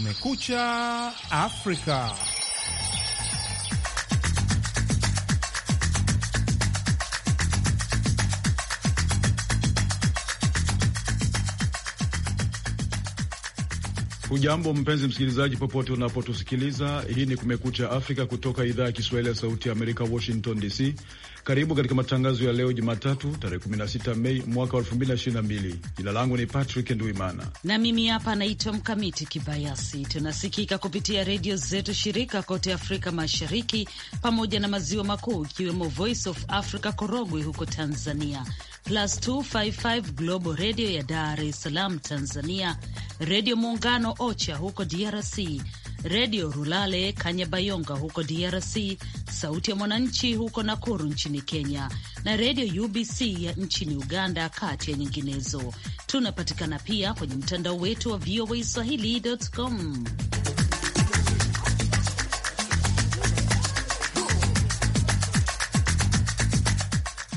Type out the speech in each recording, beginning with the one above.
Me escucha África. Hujambo mpenzi msikilizaji, popote unapotusikiliza. Hii ni Kumekucha Afrika kutoka idhaa ya Kiswahili ya Sauti ya Amerika, Washington DC. Karibu katika matangazo ya leo Jumatatu, tarehe 16 Mei mwaka 2022. Jina langu ni Patrick Nduimana na mimi hapa naitwa Mkamiti Kibayasi. Tunasikika kupitia redio zetu shirika kote Afrika Mashariki pamoja na Maziwa Makuu, ikiwemo Voice of Africa Korogwe huko Tanzania, plus 255 Global Radio ya Dar es Salaam Tanzania, Redio Muungano Ocha huko DRC, Redio Rulale Kanyabayonga huko DRC, Sauti ya Mwananchi huko Nakuru nchini Kenya na Redio UBC ya nchini Uganda, kati ya nyinginezo. Tunapatikana pia kwenye mtandao wetu wa VOA Swahili.com.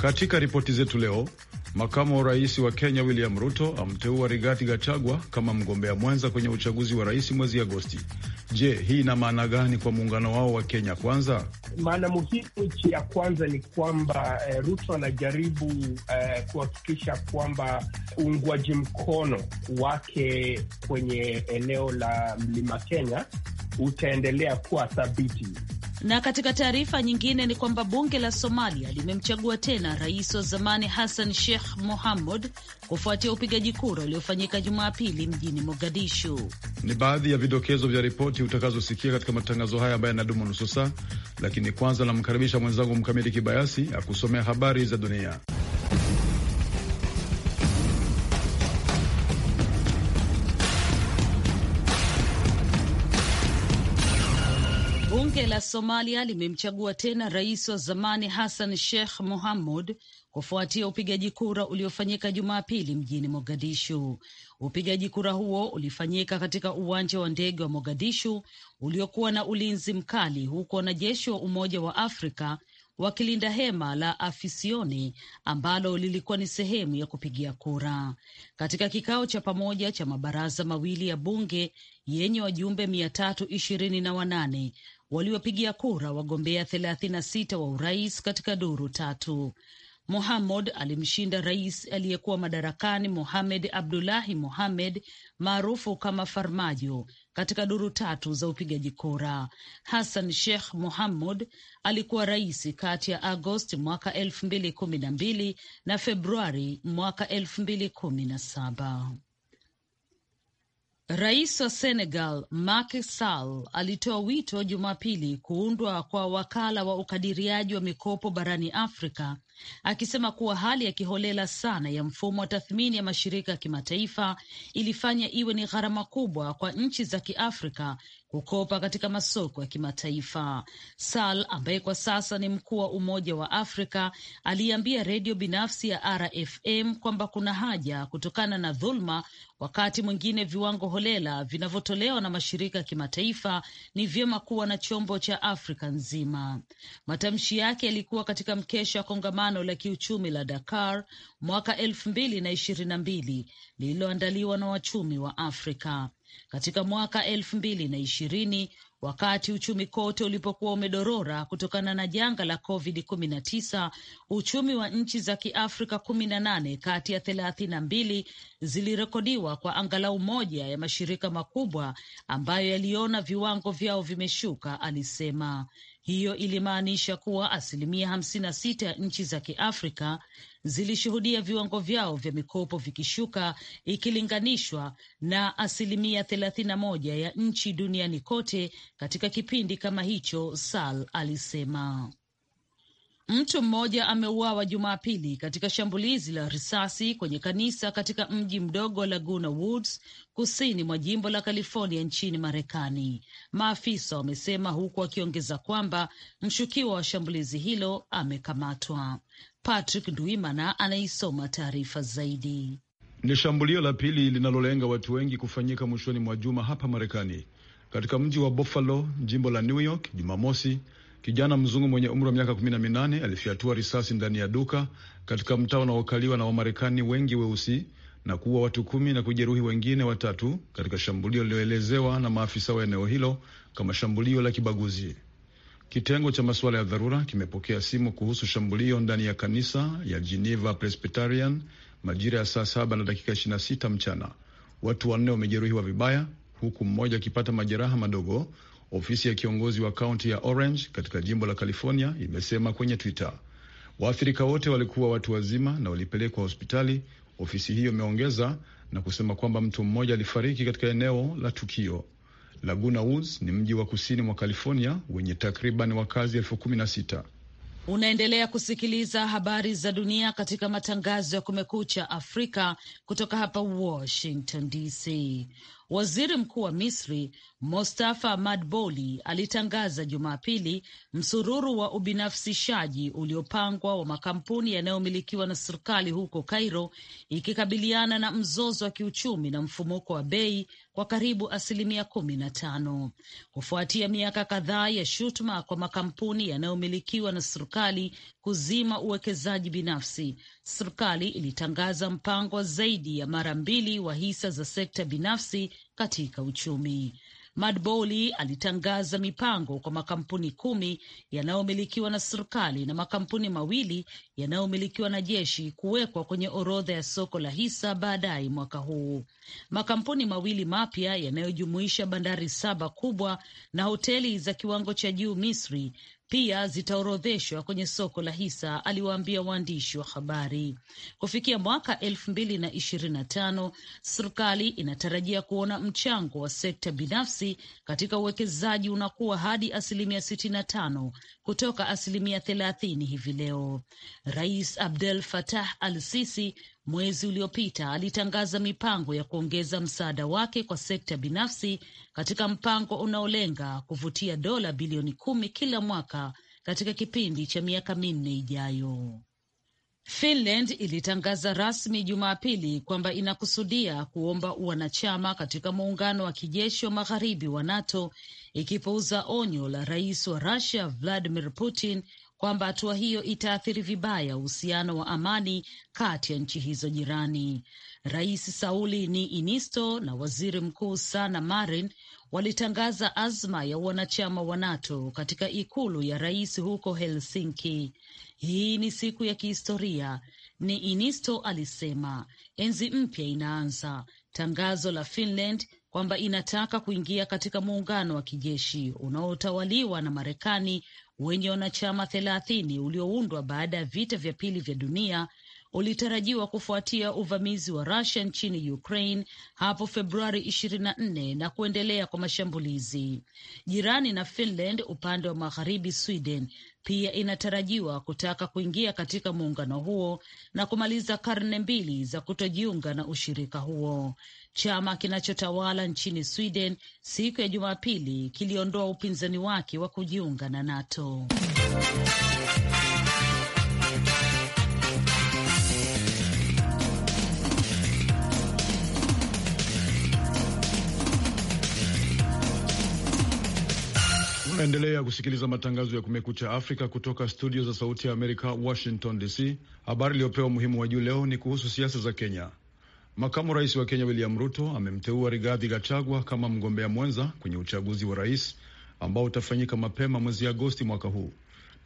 Katika ripoti zetu leo, makamu wa rais wa Kenya William Ruto amteua Rigathi Gachagua kama mgombea mwenza kwenye uchaguzi wa rais mwezi Agosti. Je, hii ina maana gani kwa muungano wao wa Kenya Kwanza? Maana muhimu chi ya kwanza ni kwamba eh, Ruto anajaribu eh, kuhakikisha kwamba uungwaji mkono wake kwenye eneo la mlima Kenya utaendelea kuwa thabiti. Na katika taarifa nyingine ni kwamba bunge la Somalia limemchagua tena rais wa zamani Hassan Sheikh Mohamud kufuatia upigaji kura uliofanyika Jumapili mjini Mogadishu. Ni baadhi ya vidokezo vya ripoti ripoti utakazosikia katika matangazo haya ambayo yanadumu nusu saa, lakini kwanza namkaribisha mwenzangu Mkamili Kibayasi akusomea habari za dunia. Somalia limemchagua tena rais wa zamani Hassan Sheikh Mohamud kufuatia upigaji kura uliofanyika Jumapili mjini Mogadishu. Upigaji kura huo ulifanyika katika uwanja wa ndege wa Mogadishu uliokuwa na ulinzi mkali, huku wanajeshi wa Umoja wa Afrika wakilinda hema la afisioni ambalo lilikuwa ni sehemu ya kupigia kura. Katika kikao cha pamoja cha mabaraza mawili ya bunge yenye wajumbe mia tatu ishirini na wanane waliwapigia kura wagombea 36 wa urais katika duru tatu. Mohamud alimshinda rais aliyekuwa madarakani Mohamed Abdullahi Mohamed maarufu kama Farmajo katika duru tatu za upigaji kura. Hassan Sheikh Mohamud alikuwa rais kati ya Agosti mwaka elfu mbili kumi na mbili na Februari mwaka elfu mbili kumi na saba. Rais wa Senegal Macky Sall alitoa wito Jumapili kuundwa kwa wakala wa ukadiriaji wa mikopo barani Afrika akisema kuwa hali ya kiholela sana ya mfumo wa tathmini ya mashirika ya kimataifa ilifanya iwe ni gharama kubwa kwa nchi za Kiafrika kukopa katika masoko ya kimataifa. Sal ambaye kwa sasa ni mkuu wa Umoja wa Afrika aliambia redio binafsi ya RFM kwamba kuna haja kutokana na dhuluma, wakati mwingine viwango holela vinavyotolewa na mashirika ya kimataifa, ni vyema kuwa na chombo cha Afrika nzima. Matamshi yake yalikuwa katika mkesha wa kongamano kongamano la kiuchumi la Dakar mwaka elfu mbili na ishirini na mbili lililoandaliwa na wachumi wa Afrika katika mwaka elfu mbili na ishirini wakati uchumi kote ulipokuwa umedorora kutokana na janga la COVID-19, uchumi wa nchi za Kiafrika kumi na nane kati ya thelathini na mbili zilirekodiwa kwa angalau moja ya mashirika makubwa ambayo yaliona viwango vyao vimeshuka, alisema. Hiyo ilimaanisha kuwa asilimia hamsini na sita ya nchi za Kiafrika zilishuhudia viwango vyao vya mikopo vikishuka ikilinganishwa na asilimia thelathini na moja ya nchi duniani kote katika kipindi kama hicho, Sal alisema. Mtu mmoja ameuawa Jumapili katika shambulizi la risasi kwenye kanisa katika mji mdogo Laguna Woods kusini mwa jimbo la California nchini Marekani, maafisa wamesema, huku akiongeza kwamba mshukiwa wa shambulizi hilo amekamatwa. Patrick Ndwimana anaisoma taarifa zaidi. Ni shambulio la pili linalolenga watu wengi kufanyika mwishoni mwa juma hapa Marekani, katika mji wa Buffalo, jimbo la New York Jumamosi Kijana mzungu mwenye umri wa miaka kumi na minane alifyatua risasi ndani ya duka katika mtaa unaokaliwa na Wamarekani wengi weusi na kuua watu kumi na kujeruhi wengine watatu katika shambulio lililoelezewa na maafisa wa eneo hilo kama shambulio la kibaguzi. Kitengo cha masuala ya dharura kimepokea simu kuhusu shambulio ndani ya kanisa ya Geneva Presbyterian majira ya saa saba na dakika sita mchana. Watu wanne wamejeruhiwa vibaya huku mmoja akipata majeraha madogo Ofisi ya kiongozi wa kaunti ya Orange katika jimbo la California imesema kwenye Twitter. Waathirika wote walikuwa watu wazima na walipelekwa hospitali, ofisi hiyo imeongeza na kusema kwamba mtu mmoja alifariki katika eneo la tukio. Laguna Woods ni mji wa kusini mwa California wenye takriban wakazi elfu kumi na sita. Unaendelea kusikiliza habari za dunia katika matangazo ya Kumekucha Afrika kutoka hapa Washington DC. Waziri Mkuu wa Misri Mostafa Madboli alitangaza Jumapili msururu wa ubinafsishaji uliopangwa wa makampuni yanayomilikiwa na serikali huko Cairo, ikikabiliana na mzozo wa kiuchumi na mfumuko wa bei kwa karibu asilimia kumi na tano kufuatia miaka kadhaa ya shutuma kwa makampuni yanayomilikiwa na serikali kuzima uwekezaji binafsi, serikali ilitangaza mpango wa zaidi ya mara mbili wa hisa za sekta binafsi katika uchumi. Madbouly alitangaza mipango kwa makampuni kumi yanayomilikiwa na serikali na makampuni mawili yanayomilikiwa na jeshi kuwekwa kwenye orodha ya soko la hisa baadaye mwaka huu. Makampuni mawili mapya yanayojumuisha bandari saba kubwa na hoteli za kiwango cha juu Misri pia zitaorodheshwa kwenye soko la hisa, aliwaambia waandishi wa habari. Kufikia mwaka elfu mbili na ishirini na tano, serikali inatarajia kuona mchango wa sekta binafsi katika uwekezaji unakuwa hadi asilimia sitini na tano kutoka asilimia thelathini hivi leo. Rais Abdel Fattah al-Sisi mwezi uliopita alitangaza mipango ya kuongeza msaada wake kwa sekta binafsi katika mpango unaolenga kuvutia dola bilioni kumi kila mwaka katika kipindi cha miaka minne ijayo. Finland ilitangaza rasmi Jumapili kwamba inakusudia kuomba wanachama katika muungano wa kijeshi wa magharibi wa NATO, ikipuuza onyo la rais wa Russia Vladimir Putin kwamba hatua hiyo itaathiri vibaya uhusiano wa amani kati ya nchi hizo jirani. Rais Sauli ni inisto na waziri mkuu sana Marin walitangaza azma ya wanachama wa NATO katika ikulu ya rais huko Helsinki. Hii ni siku ya kihistoria, ni inisto alisema. Enzi mpya inaanza. Tangazo la Finland kwamba inataka kuingia katika muungano wa kijeshi unaotawaliwa na Marekani wenye wanachama thelathini ulioundwa baada ya vita vya pili vya dunia ulitarajiwa kufuatia uvamizi wa Rusia nchini Ukraine hapo Februari 24 na kuendelea kwa mashambulizi jirani na Finland upande wa magharibi, Sweden pia inatarajiwa kutaka kuingia katika muungano huo na kumaliza karne mbili za kutojiunga na ushirika huo. Chama kinachotawala nchini Sweden siku ya Jumapili kiliondoa upinzani wake wa kujiunga na NATO. Naendelea kusikiliza matangazo ya Kumekucha Afrika kutoka studio za Sauti ya Amerika, Washington DC. Habari iliyopewa umuhimu wa juu leo ni kuhusu siasa za Kenya. Makamu rais wa Kenya William Ruto amemteua Rigathi Gachagua kama mgombea mwenza kwenye uchaguzi wa rais ambao utafanyika mapema mwezi Agosti mwaka huu.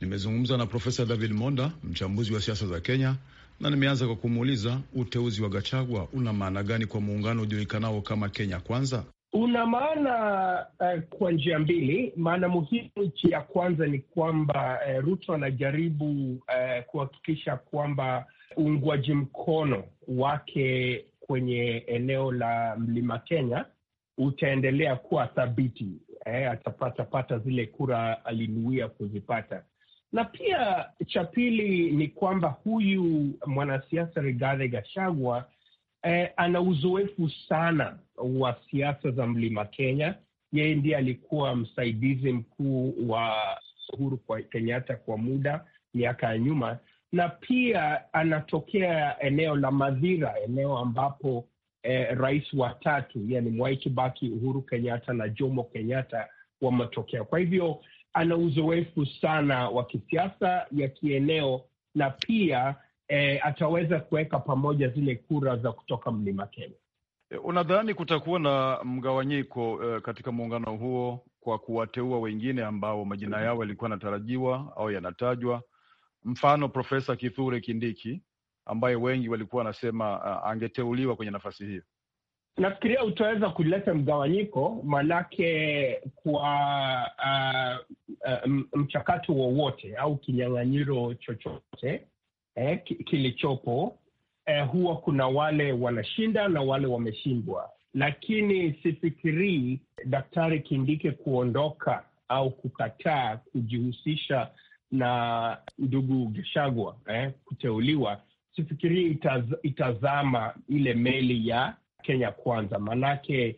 Nimezungumza na Profesa David Monda, mchambuzi wa siasa za Kenya, na nimeanza kwa kumuuliza uteuzi wa Gachagua una maana gani kwa muungano ujulikanao kama Kenya Kwanza? una maana uh, kwa njia mbili. Maana muhimu ya kwanza ni kwamba uh, Ruto anajaribu uh, kuhakikisha kwamba uungwaji mkono wake kwenye eneo la mlima Kenya utaendelea kuwa thabiti eh, atapatapata zile kura alinuia kuzipata, na pia cha pili ni kwamba huyu mwanasiasa Rigathi Gachagua eh, ana uzoefu sana wa siasa za mlima Kenya. Yeye ndiye alikuwa msaidizi mkuu wa Uhuru kwa Kenyatta kwa muda miaka ya nyuma, na pia anatokea eneo la Madhira, eneo ambapo eh, rais wa tatu yani Mwai Kibaki, Uhuru Kenyatta na Jomo Kenyatta wametokea. Kwa hivyo ana uzoefu sana wa kisiasa ya kieneo na pia e, ataweza kuweka pamoja zile kura za kutoka mlima Kenya. E, unadhani kutakuwa na mgawanyiko uh, katika muungano huo kwa kuwateua wengine ambao majina yao yalikuwa yanatarajiwa au yanatajwa, mfano Profesa Kithure Kindiki ambaye wengi walikuwa wanasema uh, angeteuliwa kwenye nafasi hiyo? Nafikiria utaweza kuleta mgawanyiko, maanake kwa uh, uh, mchakato wowote au kinyang'anyiro chochote eh, kilichopo eh, huwa kuna wale wanashinda na wale wameshindwa, lakini sifikirii Daktari Kindike kuondoka au kukataa kujihusisha na ndugu Geshagwa eh, kuteuliwa, sifikirii itaz, itazama ile meli ya Kenya Kwanza, maanake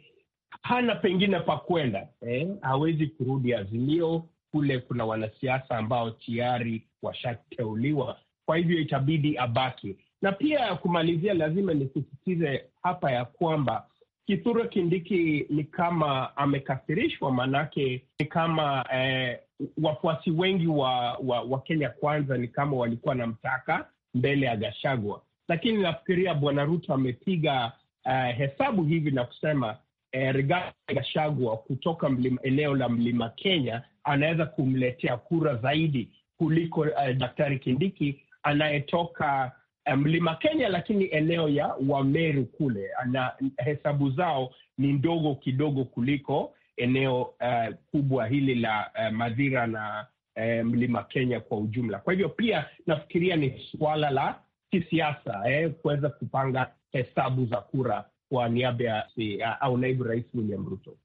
hana pengine pa kwenda eh, hawezi kurudi Azimio. Kule kuna wanasiasa ambao tayari washateuliwa kwa hivyo itabidi abaki. Na pia kumalizia, lazima nisisitize hapa ya kwamba Kithure Kindiki ni kama amekasirishwa, maanake ni kama eh, wafuasi wengi wa, wa, wa Kenya Kwanza ni kama walikuwa na mtaka mbele ya Gashagwa, lakini nafikiria Bwana Ruto amepiga eh, hesabu hivi na kusema eh, Rigathi Gashagwa kutoka mlima, eneo la mlima Kenya anaweza kumletea kura zaidi kuliko eh, Daktari Kindiki anayetoka eh, mlima um, Kenya, lakini eneo ya Wameru kule, na hesabu zao ni ndogo kidogo kuliko eneo uh, kubwa hili la uh, eh, Madhira na uh, mlima Kenya kwa ujumla. Kwa hivyo pia nafikiria ni suala la kisiasa eh, kuweza kupanga hesabu za kura kwa niaba ya uh, au naibu rais William Ruto.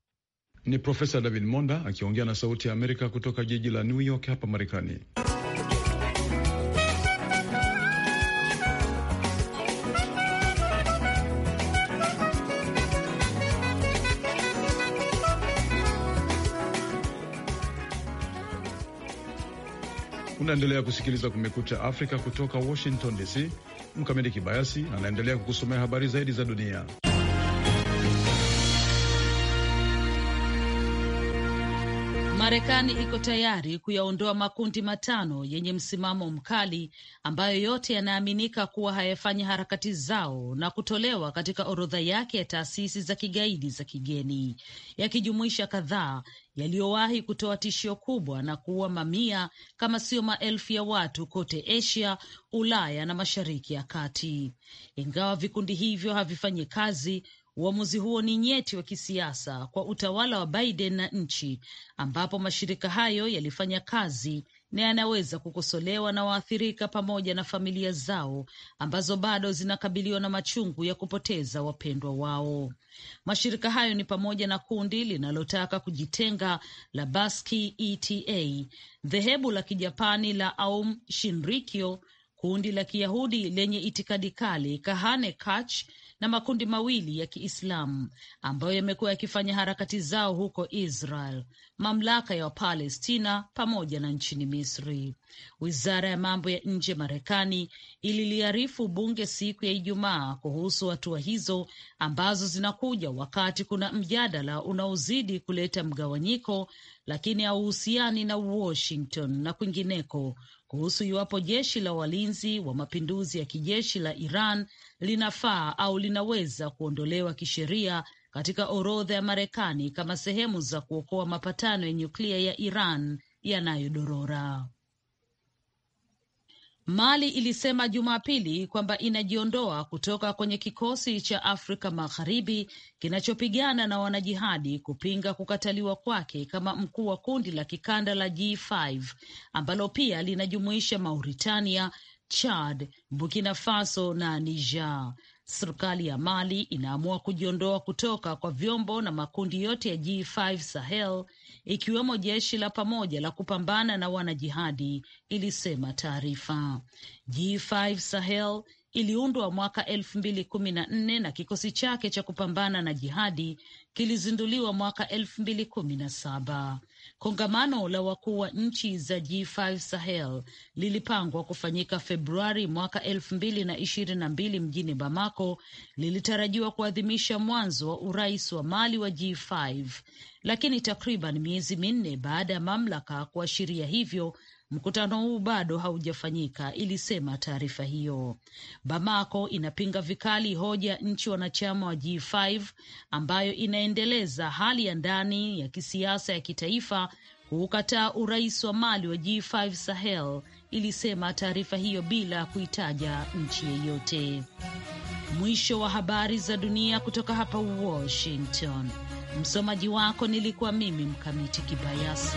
Ni Profesa David Monda akiongea na Sauti ya Amerika kutoka jiji la New York hapa Marekani. Unaendelea kusikiliza Kumekucha Afrika kutoka Washington DC. mkamidi Kibayasi anaendelea kukusomea habari zaidi za dunia. Marekani iko tayari kuyaondoa makundi matano yenye msimamo mkali ambayo yote yanaaminika kuwa hayafanyi harakati zao na kutolewa katika orodha yake ya taasisi za kigaidi za kigeni, yakijumuisha kadhaa yaliyowahi kutoa tishio kubwa na kuua mamia kama sio maelfu ya watu kote Asia, Ulaya na Mashariki ya Kati. Ingawa vikundi hivyo havifanyi kazi Uamuzi huo ni nyeti wa kisiasa kwa utawala wa Biden na nchi ambapo mashirika hayo yalifanya kazi na yanaweza kukosolewa na waathirika pamoja na familia zao ambazo bado zinakabiliwa na machungu ya kupoteza wapendwa wao. Mashirika hayo ni pamoja na kundi linalotaka kujitenga la Baski ETA, dhehebu la Kijapani la Aum Shinrikyo kundi la Kiyahudi lenye itikadi kali Kahane Kach na makundi mawili ya Kiislamu ambayo yamekuwa yakifanya harakati zao huko Israel, mamlaka ya Wapalestina pamoja na nchini Misri. Wizara ya mambo ya nje Marekani ililiarifu bunge siku ya Ijumaa kuhusu hatua hizo ambazo zinakuja wakati kuna mjadala unaozidi kuleta mgawanyiko, lakini hauhusiani na Washington na kwingineko kuhusu iwapo jeshi la walinzi wa mapinduzi ya kijeshi la Iran linafaa au linaweza kuondolewa kisheria katika orodha ya Marekani kama sehemu za kuokoa mapatano ya nyuklia ya Iran yanayodorora. Mali ilisema Jumapili kwamba inajiondoa kutoka kwenye kikosi cha Afrika Magharibi kinachopigana na wanajihadi kupinga kukataliwa kwake kama mkuu wa kundi la kikanda la G5 ambalo pia linajumuisha Mauritania, Chad, Burkina Faso na Niger serikali ya Mali inaamua kujiondoa kutoka kwa vyombo na makundi yote ya G5 Sahel ikiwemo jeshi la pamoja la kupambana na wanajihadi, ilisema taarifa. G5 Sahel iliundwa mwaka elfu mbili kumi na nne na kikosi chake cha kupambana na jihadi kilizinduliwa mwaka elfu mbili kumi na saba. Kongamano la wakuu wa nchi za G5 Sahel lilipangwa kufanyika Februari mwaka elfu mbili na ishirini na mbili mjini Bamako. Lilitarajiwa kuadhimisha mwanzo wa urais wa Mali wa G5, lakini takriban miezi minne baada ya mamlaka kuashiria hivyo, Mkutano huu bado haujafanyika, ilisema taarifa hiyo. Bamako inapinga vikali hoja nchi wanachama wa G5 ambayo inaendeleza hali ya ndani ya kisiasa ya kitaifa kuukataa urais wa Mali wa G5 Sahel, ilisema taarifa hiyo bila kuitaja nchi yeyote. Mwisho wa habari za dunia kutoka hapa Washington. Msomaji wako nilikuwa mimi Mkamiti Kibayasi.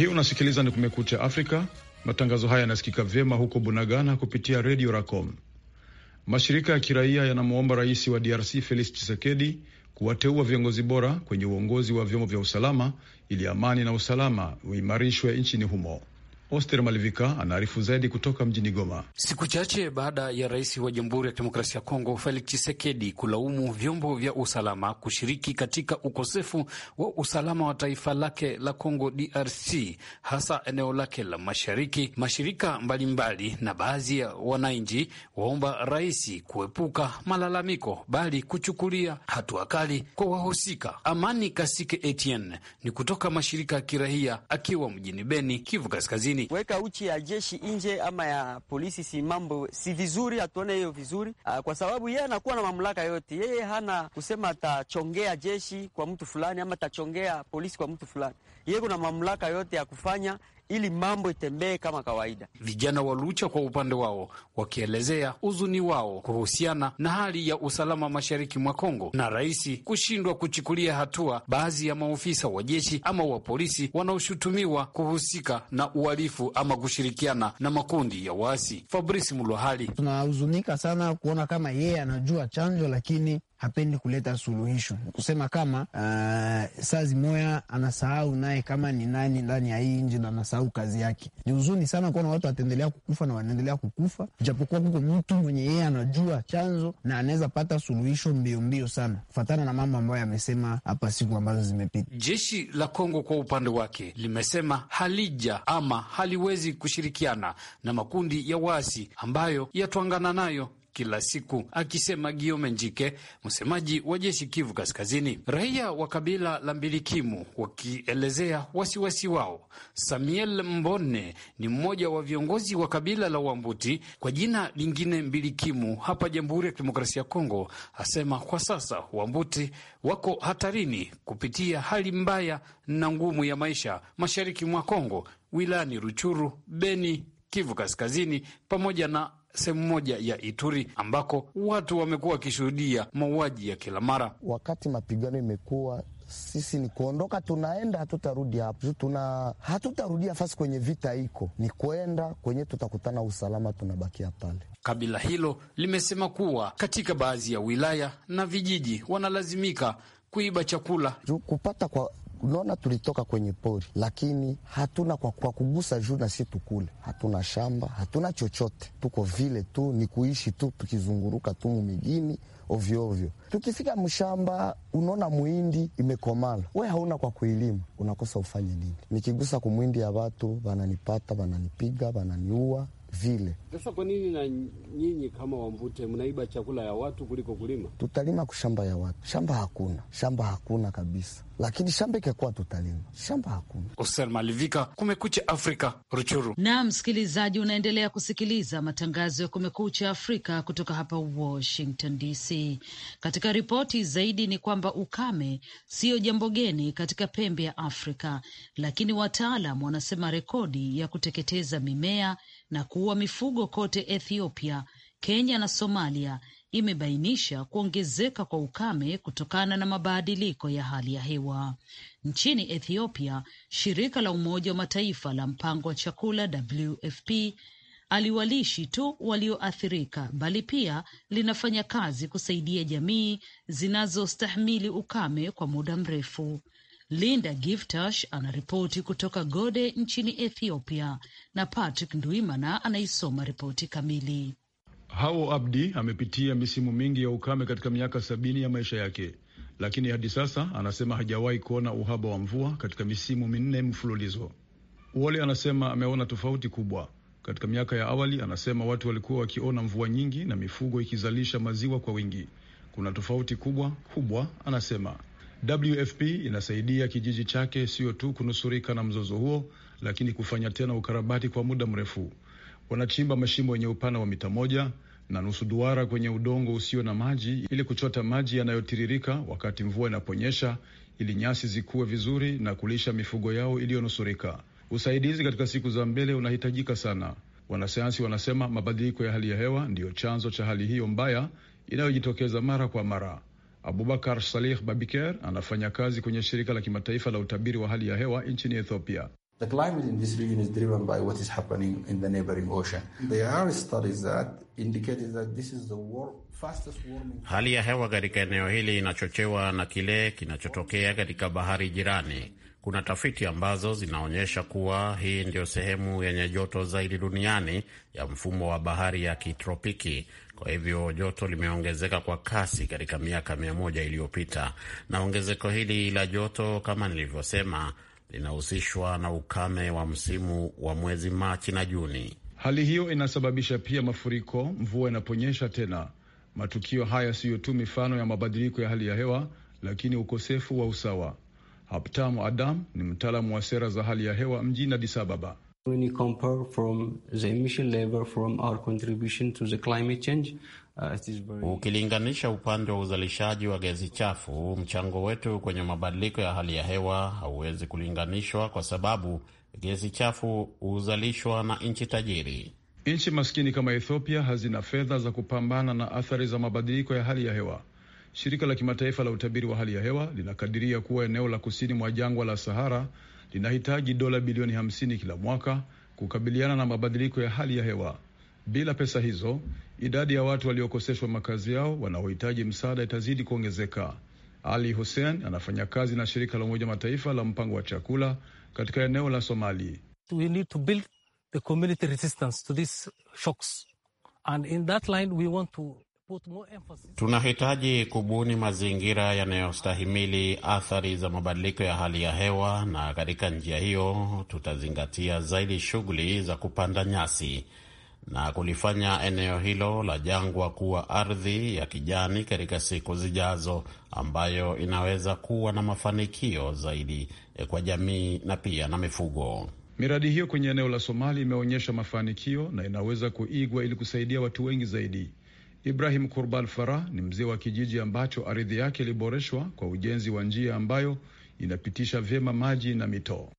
Hii unasikiliza ni Kumekucha Afrika. Matangazo haya yanasikika vyema huko Bunagana kupitia redio Racom. Mashirika ya kiraia yanamwomba rais wa DRC Felix Tshisekedi kuwateua viongozi bora kwenye uongozi wa vyombo vya usalama ili amani na usalama uimarishwe nchini humo. Oster Malivika anaarifu zaidi kutoka mjini Goma. Siku chache baada ya rais wa Jamhuri ya Kidemokrasia ya Kongo Felix Tshisekedi kulaumu vyombo vya usalama kushiriki katika ukosefu wa usalama wa taifa lake la Kongo DRC, hasa eneo lake la mashariki, mashirika mbalimbali mbali na baadhi ya wananchi waomba rais kuepuka malalamiko, bali kuchukulia hatua kali kwa wahusika. Amani Kasike Etienne ni kutoka mashirika ya kirahia akiwa mjini Beni, Kivu Kaskazini nini? Kuweka uchi ya jeshi nje ama ya polisi si mambo si vizuri, hatuone hiyo vizuri uh, kwa sababu yeye anakuwa na mamlaka yote. Yeye hana kusema atachongea jeshi kwa mtu fulani ama atachongea polisi kwa mtu fulani. Yeye kuna mamlaka yote ya kufanya ili mambo itembee kama kawaida. Vijana wa Lucha kwa upande wao wakielezea huzuni wao kuhusiana na hali ya usalama mashariki mwa Kongo na rais kushindwa kuchukulia hatua baadhi ya maofisa wa jeshi ama wa polisi wanaoshutumiwa kuhusika na uhalifu ama kushirikiana na makundi ya waasi. Fabrice Mulohali: tunahuzunika sana kuona kama yeye anajua chanjo, lakini hapendi kuleta suluhisho, kusema kama uh, saa zimoya anasahau naye kama ni nani ndani ya hii nji na anasahau kazi yake. Ni huzuni sana kuona watu wataendelea kukufa na wanaendelea kukufa, japokuwa kuko mtu mwenye yeye anajua chanzo na anaweza pata suluhisho mbiombio mbio sana, kufatana na mambo ambayo amesema hapa siku ambazo zimepita. Jeshi la Kongo kwa upande wake limesema halija ama haliwezi kushirikiana na makundi ya waasi ambayo yatwangana nayo kila siku, akisema Giome Njike, msemaji wa jeshi Kivu Kaskazini. Raia wa kabila la Mbilikimu wakielezea wasiwasi wao. Samuel Mbone ni mmoja wa viongozi wa kabila la Wambuti kwa jina lingine Mbilikimu hapa Jamhuri ya Kidemokrasia ya Kongo, asema kwa sasa Wambuti wako hatarini kupitia hali mbaya na ngumu ya maisha mashariki mwa Kongo, wilayani Ruchuru, Beni, Kivu Kaskazini pamoja na sehemu moja ya Ituri ambako watu wamekuwa wakishuhudia mauaji ya kila mara. Wakati mapigano imekuwa sisi ni kuondoka, tunaenda hatutarudi hapo, tuna hatutarudia fasi kwenye vita iko ni kwenda kwenye tutakutana usalama, tunabakia pale. Kabila hilo limesema kuwa katika baadhi ya wilaya na vijiji wanalazimika kuiba chakula kupata kwa Unaona, tulitoka kwenye pori, lakini hatuna kwa, kwa kugusa juu na si tukule, hatuna shamba, hatuna chochote, tuko vile tu, ni kuishi tu, tukizunguruka tu mumijini ovyoovyo. Tukifika mshamba, unaona muhindi imekomala, we hauna kwa kuilima, unakosa ufanye nini? Nikigusa kumwindi ya watu, wananipata, wananipiga, wananiua vile. Sasa kwa nini na nyinyi kama Wambute mnaiba chakula ya watu kuliko kulima? Tutalima kushamba ya watu, shamba hakuna, shamba hakuna kabisa, lakini shamba ikakuwa tutalima, shamba hakuna. Oser Malivika, Kumekucha Afrika, Ruchuru. Na msikilizaji, unaendelea kusikiliza matangazo ya Kumekucha Afrika kutoka hapa Washington DC. Katika ripoti zaidi ni kwamba ukame siyo jambo geni katika pembe ya Afrika, lakini wataalam wanasema rekodi ya kuteketeza mimea na kuua mifugo kote Ethiopia, Kenya na Somalia imebainisha kuongezeka kwa ukame kutokana na mabadiliko ya hali ya hewa. Nchini Ethiopia, shirika la Umoja wa Mataifa la mpango wa chakula WFP aliwalishi tu walioathirika bali pia linafanya kazi kusaidia jamii zinazostahimili ukame kwa muda mrefu. Linda Giftash anaripoti kutoka Gode nchini Ethiopia, na Patrick nduimana anaisoma ripoti kamili. Hao Abdi amepitia misimu mingi ya ukame katika miaka sabini ya maisha yake, lakini hadi sasa anasema hajawahi kuona uhaba wa mvua katika misimu minne mfululizo. Wole anasema ameona tofauti kubwa. Katika miaka ya awali, anasema watu walikuwa wakiona mvua nyingi na mifugo ikizalisha maziwa kwa wingi. Kuna tofauti kubwa kubwa, anasema WFP inasaidia kijiji chake sio tu kunusurika na mzozo huo, lakini kufanya tena ukarabati kwa muda mrefu. Wanachimba mashimo yenye upana wa mita moja na nusu duara kwenye udongo usio na maji ili kuchota maji yanayotiririka wakati mvua inaponyesha, ili nyasi zikuwe vizuri na kulisha mifugo yao iliyonusurika. Usaidizi katika siku za mbele unahitajika sana. Wanasayansi wanasema mabadiliko ya hali ya hewa ndiyo chanzo cha hali hiyo mbaya inayojitokeza mara kwa mara. Abubakar Salih Babiker anafanya kazi kwenye shirika la kimataifa la utabiri wa hali ya hewa nchini Ethiopia. Hali ya hewa katika eneo hili inachochewa na kile kinachotokea katika bahari jirani. Kuna tafiti ambazo zinaonyesha kuwa hii ndiyo sehemu yenye joto zaidi duniani ya mfumo wa bahari ya kitropiki kwa hivyo joto limeongezeka kwa kasi katika miaka mia moja iliyopita, na ongezeko hili la joto kama nilivyosema linahusishwa na ukame wa msimu wa mwezi Machi na Juni. Hali hiyo inasababisha pia mafuriko mvua inaponyesha tena. Matukio haya siyo tu mifano ya mabadiliko ya hali ya hewa, lakini ukosefu wa usawa. Haptamu Adam ni mtaalamu wa sera za hali ya hewa mjini adisababa Ababa. When you compare from the emission level from our contribution to the climate change, uh, it is very... Ukilinganisha upande wa uzalishaji wa gesi chafu, mchango wetu kwenye mabadiliko ya hali ya hewa hauwezi kulinganishwa kwa sababu gesi chafu huzalishwa na nchi tajiri. Nchi maskini kama Ethiopia hazina fedha za kupambana na athari za mabadiliko ya hali ya hewa. Shirika la kimataifa la utabiri wa hali ya hewa linakadiria kuwa eneo la kusini mwa jangwa la Sahara linahitaji dola bilioni 50 kila mwaka kukabiliana na mabadiliko ya hali ya hewa. Bila pesa hizo, idadi ya watu waliokoseshwa makazi yao wanaohitaji msaada itazidi kuongezeka. Ali Hussein anafanya kazi na shirika la Umoja Mataifa la mpango wa chakula katika eneo la Somali. We need to build the community resistance to these shocks. And in that line we want to Tunahitaji kubuni mazingira yanayostahimili athari za mabadiliko ya hali ya hewa, na katika njia hiyo tutazingatia zaidi shughuli za kupanda nyasi na kulifanya eneo hilo la jangwa kuwa ardhi ya kijani katika siku zijazo, ambayo inaweza kuwa na mafanikio zaidi eh, kwa jamii na pia na mifugo. Miradi hiyo kwenye eneo la Somali imeonyesha mafanikio na inaweza kuigwa ili kusaidia watu wengi zaidi. Ibrahim Kurbal Farah ni mzee wa kijiji ambacho ardhi yake iliboreshwa kwa ujenzi wa njia ambayo inapitisha vyema maji na mito.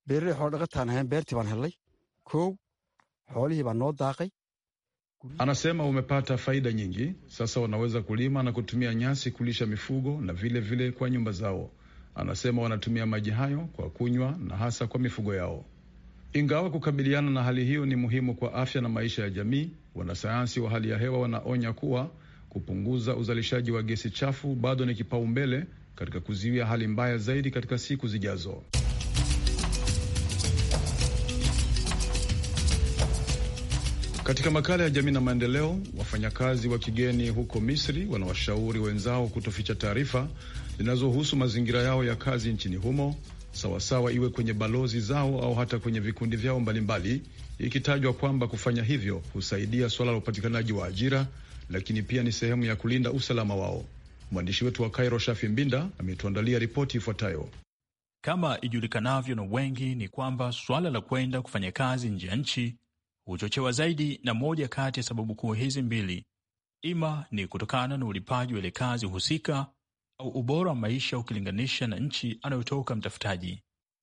Anasema umepata faida nyingi, sasa wanaweza kulima na kutumia nyasi kulisha mifugo na vile vile kwa nyumba zao. Anasema wanatumia maji hayo kwa kunywa na hasa kwa mifugo yao. Ingawa kukabiliana na hali hiyo ni muhimu kwa afya na maisha ya jamii, Wanasayansi wa hali ya hewa wanaonya kuwa kupunguza uzalishaji wa gesi chafu bado ni kipaumbele katika kuzuia hali mbaya zaidi katika siku zijazo. Katika makala ya jamii na maendeleo, wafanyakazi wa kigeni huko Misri wanawashauri wenzao kutoficha taarifa zinazohusu mazingira yao ya kazi nchini humo, sawasawa iwe kwenye balozi zao au hata kwenye vikundi vyao mbalimbali, ikitajwa kwamba kufanya hivyo husaidia suala la upatikanaji wa ajira, lakini pia ni sehemu ya kulinda usalama wao. Mwandishi wetu wa Kairo, Shafi Mbinda, ametuandalia ripoti ifuatayo. Kama ijulikanavyo na wengi, ni kwamba suala la kwenda kufanya kazi nje ya nchi huchochewa zaidi na moja kati ya sababu kuu hizi mbili: ima ni kutokana na ulipaji wa ile kazi husika, au ubora wa maisha ukilinganisha na nchi anayotoka mtafutaji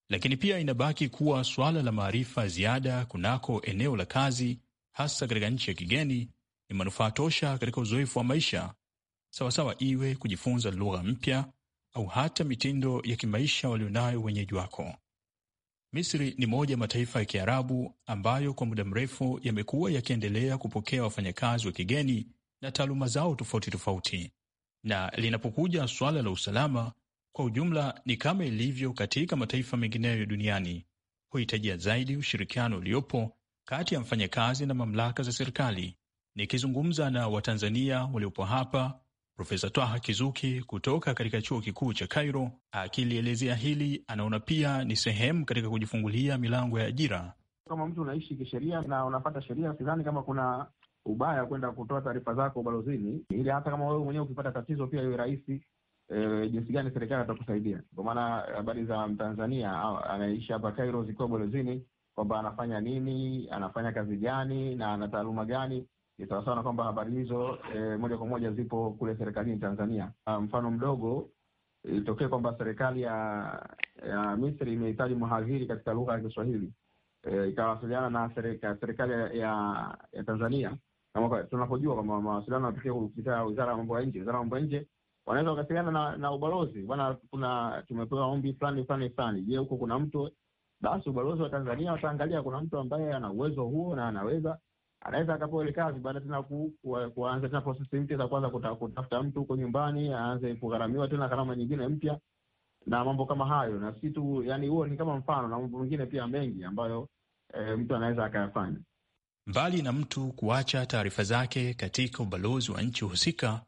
lakini pia inabaki kuwa suala la maarifa ziada kunako eneo la kazi, hasa katika nchi ya kigeni, ni manufaa tosha katika uzoefu wa maisha, sawasawa iwe kujifunza lugha mpya au hata mitindo ya kimaisha walionayo wenyeji wako. Misri ni moja ya mataifa ya Kiarabu ambayo kwa muda mrefu yamekuwa yakiendelea kupokea wafanyakazi wa kigeni na taaluma zao tofauti tofauti, na linapokuja suala la usalama kwa ujumla ni kama ilivyo katika mataifa mengineyo duniani, huhitajia zaidi ushirikiano uliopo kati ya mfanyakazi na mamlaka za serikali. Nikizungumza na Watanzania waliopo hapa, Profesa Twaha Kizuki kutoka katika chuo kikuu cha Cairo akilielezea hili, anaona pia ni sehemu katika kujifungulia milango ya ajira. Kama mtu unaishi kisheria na unapata sheria, sidhani kama kuna ubaya kwenda kutoa taarifa zako ubalozini, ili hata kama wewe mwenyewe ukipata tatizo pia iwe rahisi e, jinsi gani serikali atakusaidia. Kwa maana habari za Mtanzania anaishi hapa Cairo zikiwa bolozini kwamba anafanya nini, anafanya kazi gani na ana taaluma gani, ni sawasawa na kwamba habari hizo e, moja kwa moja zipo kule serikalini Tanzania. Ah, mfano mdogo itokee kwamba serikali ya, ya Misri imehitaji mhadhiri katika lugha ya Kiswahili e, ikawasiliana na serika, serikali ya, ya Tanzania kama tunapojua kwamba mawasiliano yanatokea kupitia wizara ya mambo ya nje. Wizara ya mambo ya nje wanaweza wakasiliana na, na ubalozi, bwana, kuna tumepewa ombi fulani fulani fulani, je, huko kuna mtu? Basi ubalozi wa Tanzania wataangalia kuna mtu ambaye ana uwezo huo na anaweza anaweza akapewa ile kazi, baada tena ku, ku, kuanza tena prosesi mpya za kwanza kutafuta mtu huko nyumbani, aanze kugharamiwa tena gharama nyingine mpya na mambo kama hayo, na si tu yani, huo ni kama mfano, na mambo mengine pia mengi ambayo e, mtu anaweza akayafanya. Mbali na mtu kuacha taarifa zake katika ubalozi wa nchi husika,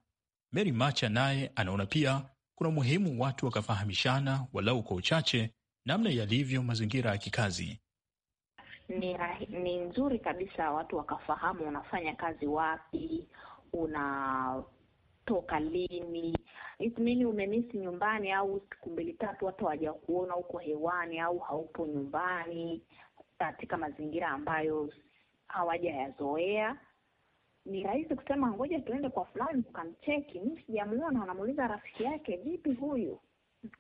Mary Macha naye anaona pia kuna umuhimu watu wakafahamishana walau kwa uchache namna yalivyo mazingira ya kikazi. Ni, ni nzuri kabisa watu wakafahamu unafanya kazi wapi, unatoka lini, itmini umemisi nyumbani au siku mbili tatu watu hawajakuona huko hewani au haupo nyumbani katika mazingira ambayo hawajayazoea ni rahisi kusema ngoja tuende kwa fulani tukamcheki. Mimi sijamuona, anamuuliza rafiki yake, vipi huyu,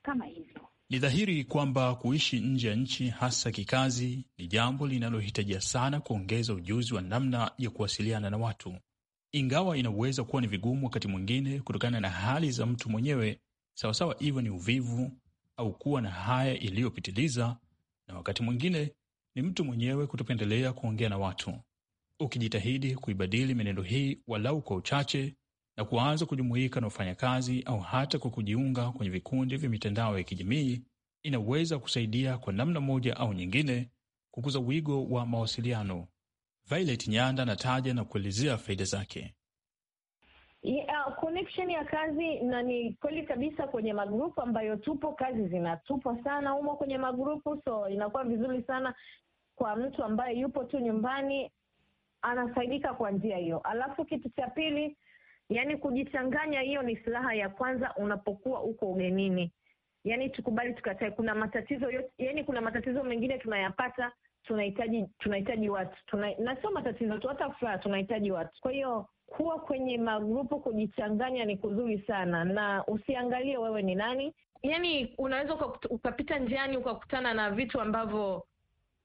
kama hivyo. Ni dhahiri kwamba kuishi nje ya nchi hasa kikazi ni jambo linalohitajia sana kuongeza ujuzi wa namna ya kuwasiliana na watu, ingawa inaweza kuwa ni vigumu wakati mwingine kutokana na hali za mtu mwenyewe, sawasawa, iwe ni uvivu au kuwa na haya iliyopitiliza, na wakati mwingine ni mtu mwenyewe kutopendelea kuongea na watu ukijitahidi kuibadili mienendo hii walau kwa uchache na kuanza kujumuika na wafanyakazi au hata kwa kujiunga kwenye vikundi vya mitandao ya kijamii, inaweza kusaidia kwa namna moja au nyingine kukuza wigo wa mawasiliano. Violet Nyanda anataja na kuelezea faida zake. Yeah, connection ya kazi na ni kweli kabisa, kwenye magrupu ambayo tupo, kazi zinatupwa sana humo kwenye magrupu, so inakuwa vizuri sana kwa mtu ambaye yupo tu nyumbani anasaidika kwa njia hiyo. Alafu kitu cha pili, yani kujichanganya, hiyo ni silaha ya kwanza unapokuwa uko ugenini. Yani tukubali tukatae, kuna matatizo yote, yani kuna matatizo mengine tunayapata, tunahitaji tunahitaji watu tuna, na sio matatizo tu, hata furaha tunahitaji watu. Kwa hiyo kuwa kwenye magrupu, kujichanganya ni kuzuri sana, na usiangalie wewe ni nani. Yani unaweza ukapita njiani ukakutana na vitu ambavyo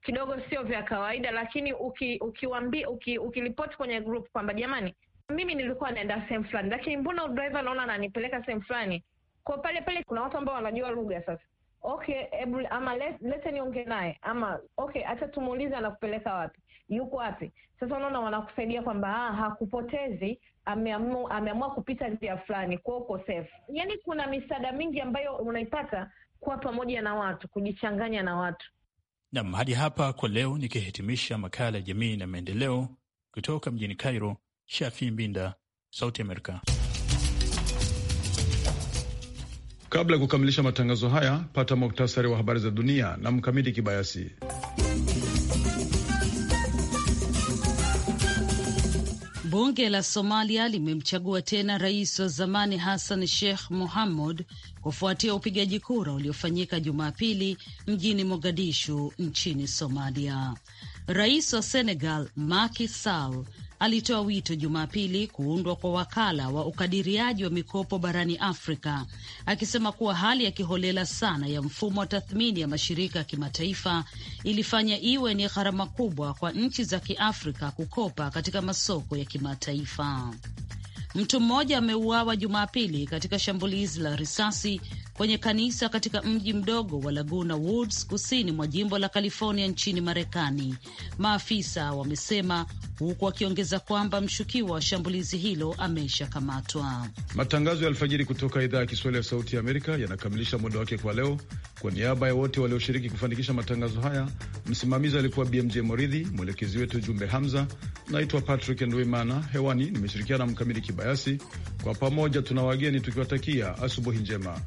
kidogo sio vya kawaida, lakini uki, ukiwambi, uki, ukiripoti kwenye group kwamba jamani, mimi nilikuwa naenda sehemu fulani, lakini mbona driver naona ananipeleka sehemu fulani, kwa pale pale kuna watu ambao wanajua lugha sasa Okay, ebu, ama lete nionge naye ama okay, hata tumuulize anakupeleka wapi, yuko wapi. Sasa unaona wanakusaidia kwamba ah, hakupotezi, ameamua ameamua kupita njia fulani, kwa uko safe. Yani kuna misaada mingi ambayo unaipata kuwa pamoja na watu, kujichanganya na watu. Nam, hadi hapa kwa leo, nikihitimisha makala ya jamii na maendeleo kutoka mjini Cairo. Shafi Mbinda, Sauti Amerika. Kabla ya kukamilisha matangazo haya, pata muktasari wa habari za dunia na Mkamiti Kibayasi. Bunge la Somalia limemchagua tena rais wa zamani Hassan Sheikh Mohamud kufuatia upigaji kura uliofanyika Jumapili mjini Mogadishu nchini Somalia. Rais wa Senegal Macky Sall alitoa wito Jumapili kuundwa kwa wakala wa ukadiriaji wa mikopo barani Afrika, akisema kuwa hali ya kiholela sana ya mfumo wa tathmini ya mashirika ya kimataifa ilifanya iwe ni gharama kubwa kwa nchi za Kiafrika kukopa katika masoko ya kimataifa. Mtu mmoja ameuawa Jumapili katika shambulizi la risasi kwenye kanisa katika mji mdogo wa Laguna Woods kusini mwa jimbo la California nchini Marekani, maafisa wamesema, huku wakiongeza kwamba mshukiwa wa shambulizi hilo ameshakamatwa. Matangazo ya alfajiri kutoka idhaa ya Kiswahili ya Sauti ya Amerika yanakamilisha muda wake kwa leo. Kwa niaba ya wote walioshiriki kufanikisha matangazo haya, msimamizi alikuwa BMJ Moridhi, mwelekezi wetu Jumbe Hamza. Naitwa Patrick Ndwimana, hewani nimeshirikiana na Mkamili Kibayasi. Kwa pamoja tuna wageni tukiwatakia asubuhi njema.